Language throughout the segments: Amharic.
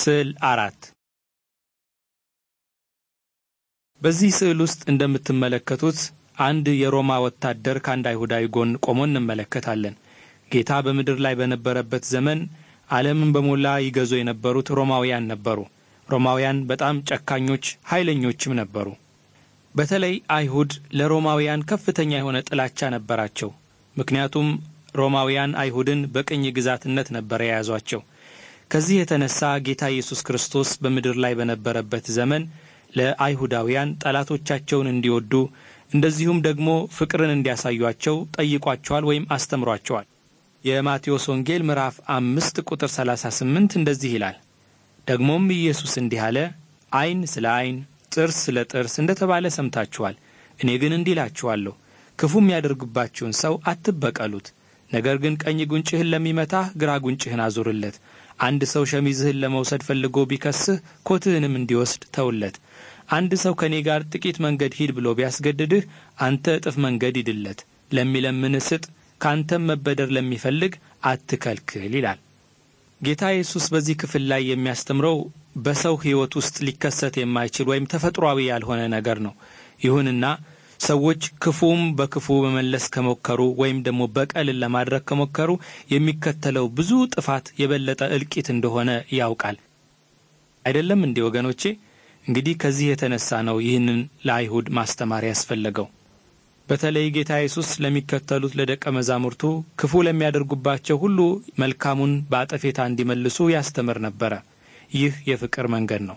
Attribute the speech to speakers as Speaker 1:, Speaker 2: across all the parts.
Speaker 1: ስዕል አራት በዚህ ስዕል ውስጥ እንደምትመለከቱት አንድ የሮማ ወታደር ከአንድ አይሁዳዊ ጎን ቆሞ እንመለከታለን። ጌታ በምድር ላይ በነበረበት ዘመን ዓለምን በሞላ ይገዙ የነበሩት ሮማውያን ነበሩ። ሮማውያን በጣም ጨካኞች፣ ኃይለኞችም ነበሩ። በተለይ አይሁድ ለሮማውያን ከፍተኛ የሆነ ጥላቻ ነበራቸው። ምክንያቱም ሮማውያን አይሁድን በቅኝ ግዛትነት ነበር የያዟቸው። ከዚህ የተነሳ ጌታ ኢየሱስ ክርስቶስ በምድር ላይ በነበረበት ዘመን ለአይሁዳውያን ጠላቶቻቸውን እንዲወዱ እንደዚሁም ደግሞ ፍቅርን እንዲያሳዩአቸው ጠይቋቸዋል ወይም አስተምሯቸዋል። የማቴዎስ ወንጌል ምዕራፍ አምስት ቁጥር 38 እንደዚህ ይላል። ደግሞም ኢየሱስ እንዲህ አለ፣ ዐይን ስለ ዐይን ጥርስ ስለ ጥርስ እንደ ተባለ ሰምታችኋል። እኔ ግን እንዲህ እላችኋለሁ፣ ክፉ የሚያደርግባችሁን ሰው አትበቀሉት ነገር ግን ቀኝ ጉንጭህን ለሚመታህ ግራ ጉንጭህን አዙርለት። አንድ ሰው ሸሚዝህን ለመውሰድ ፈልጎ ቢከስህ ኮትህንም እንዲወስድ ተውለት። አንድ ሰው ከእኔ ጋር ጥቂት መንገድ ሂድ ብሎ ቢያስገድድህ አንተ እጥፍ መንገድ ሂድለት። ለሚለምን ስጥ፣ ካንተም መበደር ለሚፈልግ አትከልክል ይላል። ጌታ ኢየሱስ በዚህ ክፍል ላይ የሚያስተምረው በሰው ሕይወት ውስጥ ሊከሰት የማይችል ወይም ተፈጥሯዊ ያልሆነ ነገር ነው። ይሁንና ሰዎች ክፉም በክፉ መመለስ ከሞከሩ ወይም ደግሞ በቀልን ለማድረግ ከሞከሩ የሚከተለው ብዙ ጥፋት የበለጠ እልቂት እንደሆነ ያውቃል። አይደለም እንዴ ወገኖቼ? እንግዲህ ከዚህ የተነሳ ነው ይህንን ለአይሁድ ማስተማር ያስፈለገው። በተለይ ጌታ ኢየሱስ ለሚከተሉት ለደቀ መዛሙርቱ ክፉ ለሚያደርጉባቸው ሁሉ መልካሙን በአጠፌታ እንዲመልሱ ያስተምር ነበረ። ይህ የፍቅር መንገድ ነው።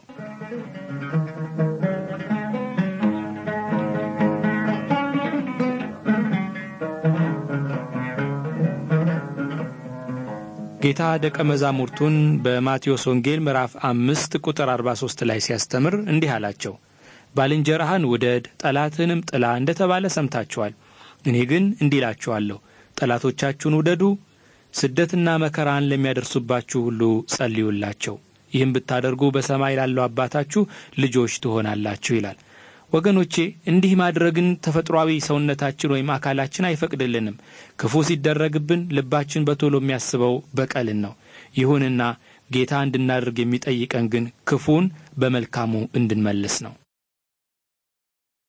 Speaker 1: ጌታ ደቀ መዛሙርቱን በማቴዎስ ወንጌል ምዕራፍ አምስት ቁጥር 43 ላይ ሲያስተምር እንዲህ አላቸው። ባልንጀራህን ውደድ ጠላትንም ጥላ እንደ ተባለ ሰምታችኋል። እኔ ግን እንዲህ እላችኋለሁ፣ ጠላቶቻችሁን ውደዱ፣ ስደትና መከራን ለሚያደርሱባችሁ ሁሉ ጸልዩላቸው። ይህም ብታደርጉ በሰማይ ላለው አባታችሁ ልጆች ትሆናላችሁ ይላል። ወገኖቼ እንዲህ ማድረግን ተፈጥሯዊ ሰውነታችን ወይም አካላችን አይፈቅድልንም። ክፉ ሲደረግብን ልባችን በቶሎ የሚያስበው በቀልን ነው። ይሁንና ጌታ እንድናደርግ የሚጠይቀን ግን ክፉን በመልካሙ እንድንመልስ ነው።